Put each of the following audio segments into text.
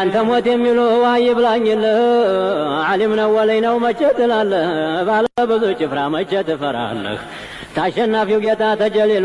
አንተ ሞት የሚሉ አይብላኝል ዓሊም ነው ወለይ ነው መቼ ትላለህ? ባለ ብዙ ጭፍራ መቼ ትፈራለህ? ታሸናፊው ጌታ ተጀሌሉ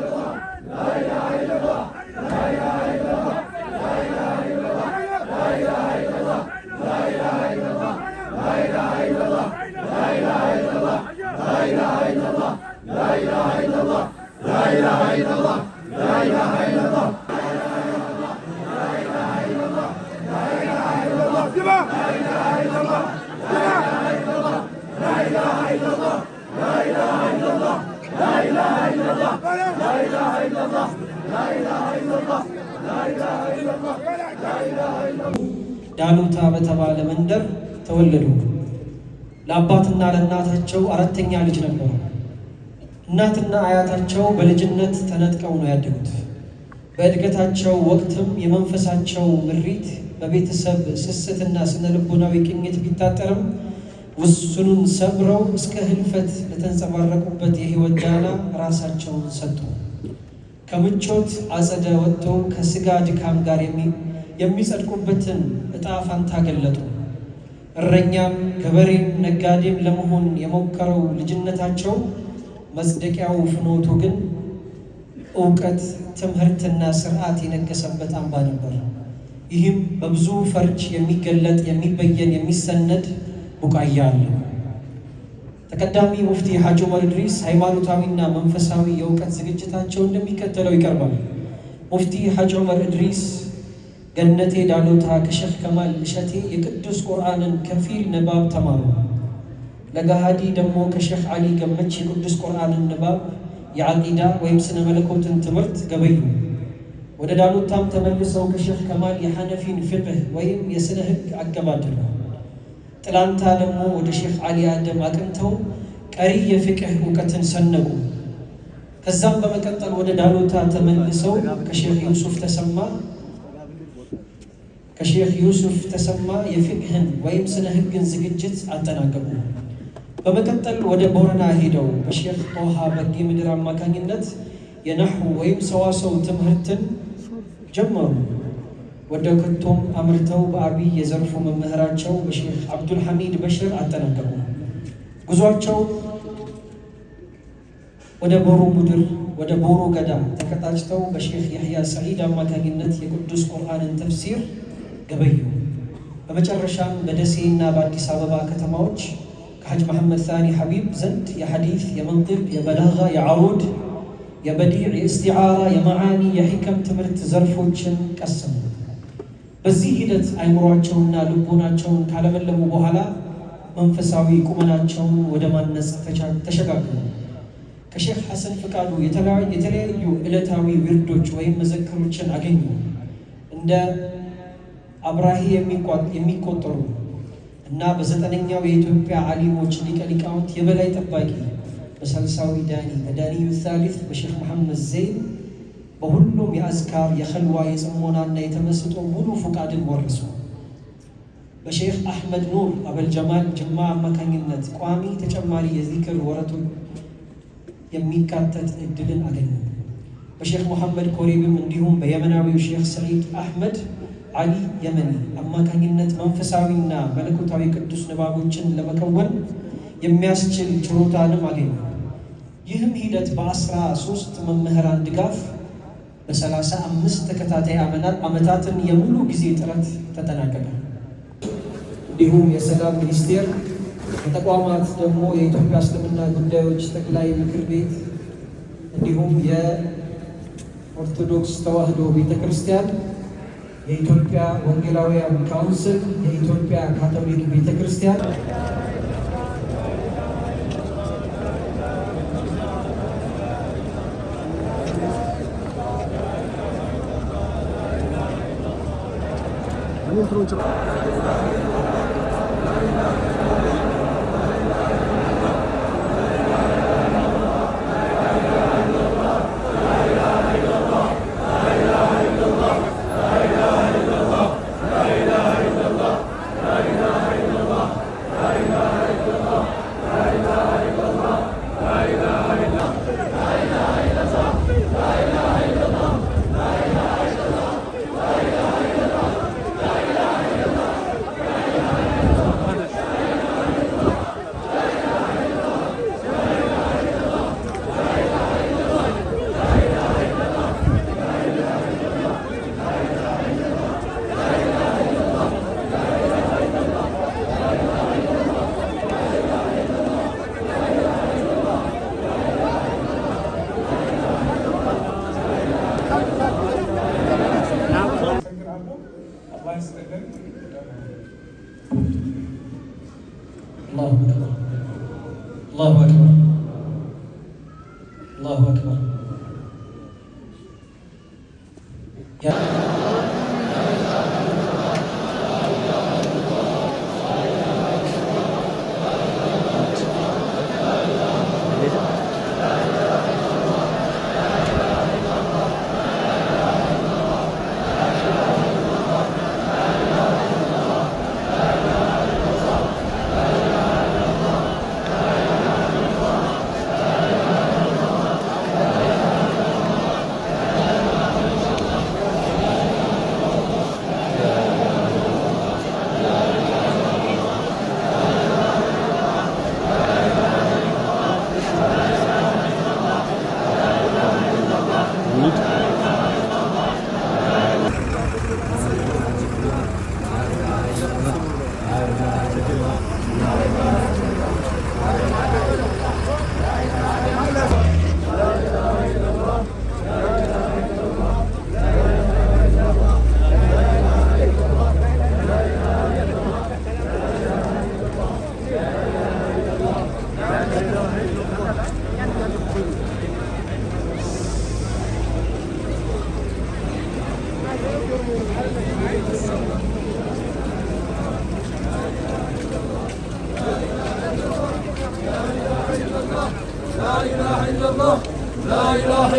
ዳሉታ በተባለ መንደር ተወለዱ። ለአባትና ለእናታቸው አራተኛ ልጅ ነበሩ። እናትና አያታቸው በልጅነት ተነጥቀው ነው ያደጉት። በእድገታቸው ወቅትም የመንፈሳቸው ምሪት በቤተሰብ ስስትና ስነ ልቦናዊ ቅኝት ቢታጠርም ውሱኑን ሰብረው እስከ ህልፈት ለተንጸባረቁበት የህይወት ዳና ራሳቸውን ሰጡ። ከምቾት አጸደ ወጥተው ከስጋ ድካም ጋር የሚጸድቁበትን እጣ ፋንታ ገለጡ። እረኛም ገበሬም ነጋዴም ለመሆን የሞከረው ልጅነታቸው መጽደቂያው ፍኖቱ ግን እውቀት፣ ትምህርትና ስርዓት የነገሰበት አምባ ነበር። ይህም በብዙ ፈርጅ የሚገለጥ የሚበየን የሚሰነድ ቡቃያ አለ። ተቀዳሚ ሙፍቲ ሐጂ ዑመር ኢድሪስ ሃይማኖታዊና መንፈሳዊ የእውቀት ዝግጅታቸው እንደሚከተለው ይቀርባል። ሙፍቲ ሐጂ ዑመር ኢድሪስ ገነቴ ዳሎታ ከሸህ ከማል እሸቴ የቅዱስ ቁርአንን ከፊል ንባብ ተማሩ። ለጋሃዲ ደግሞ ከሼክ አሊ ገመች የቅዱስ ቁርአንን ንባብ የአቂዳ ወይም ስነ መለኮትን ትምህርት ገበዩ። ወደ ዳሎታም ተመልሰው ከሼክ ከማል የሐነፊን ፍቅህ ወይም የስነ ህግ አገባደሉ። ጥላንታ ደግሞ ወደ ሼክ አሊ አደም አቅንተው ቀሪ የፍቅህ እውቀትን ሰነቁ። ከዛም በመቀጠል ወደ ዳሎታ ተመልሰው ከሼክ ዩሱፍ ተሰማ ከሼክ ዩሱፍ ተሰማ የፍቅህን ወይም ስነ ህግን ዝግጅት አጠናቀቁ። በመቀጠል ወደ ቦረና ሄደው በሼክ ጦሃ በጌ ምድር አማካኝነት የነሕው ወይም ሰዋሰው ትምህርትን ጀመሩ። ወደ ከቶም አምርተው በአቢ የዘርፉ መምህራቸው በሼክ አብዱልሐሚድ በሽር አጠናቀቁ። ጉዟቸው ወደ ቦሮ ምድር ወደ ቦሮ ገዳ ተቀጣጭተው በሼክ ያህያ ሰዒድ አማካኝነት የቅዱስ ቁርአንን ተፍሲር ገበዩ። በመጨረሻም በደሴ ና በአዲስ አበባ ከተማዎች ከሐጅ መሐመድ ሳኒ ሐቢብ ዘንድ የሐዲስ፣ የመንጢቅ፣ የበላጋ፣ የዐሩድ፣ የበዲዕ፣ የእስቲዓራ፣ የመዓኒ፣ የሕከም ትምህርት ዘርፎችን ቀሰሙ። በዚህ ሂደት አይምሯቸውና ልቦናቸውን ካለመለሙ በኋላ መንፈሳዊ ቁመናቸውን ወደ ማነጽ ተሸጋግሩ። ከሼክ ሐሰን ፍቃዱ የተለያዩ ዕለታዊ ውርዶች ወይም መዘክሮችን አገኙ። እንደ አብራሂ የሚቆጠሩ እና በዘጠነኛው የኢትዮጵያ አሊሞች ሊቀ ሊቃውንት የበላይ ጠባቂ በሰልሳዊ ዳኒ በዳኒ ምሳሌት በሼክ መሐመድ ዘይን በሁሉም የአዝካር የኸልዋ የጽሞናና የተመስጦ ሙሉ ፉቃድን ወርሶ በሼክ አሕመድ ኑር አበልጀማል ጅማ አማካኝነት ቋሚ ተጨማሪ የዚክር ወረቱን የሚካተት እድልን አገኘ። በሼክ መሐመድ ኮሪብም እንዲሁም በየመናዊው ሼክ ሰዒድ አሕመድ አሊ የመኒ አማካኝነት መንፈሳዊና መለኮታዊ ቅዱስ ንባቦችን ለመከወን የሚያስችል ችሎታንም አገኘ። ይህም ሂደት በአስራ ሶስት መምህራን ድጋፍ በሰላሳ አምስት ተከታታይ አመታትን የሙሉ ጊዜ ጥረት ተጠናቀቀ። እንዲሁም የሰላም ሚኒስቴር የተቋማት ደግሞ የኢትዮጵያ እስልምና ጉዳዮች ጠቅላይ ምክር ቤት እንዲሁም የኦርቶዶክስ ተዋህዶ ቤተክርስቲያን። የኢትዮጵያ ወንጌላውያን ካውንስል የኢትዮጵያ ካቶሊክ ቤተ ክርስቲያን الله أكبر الله أكبر يا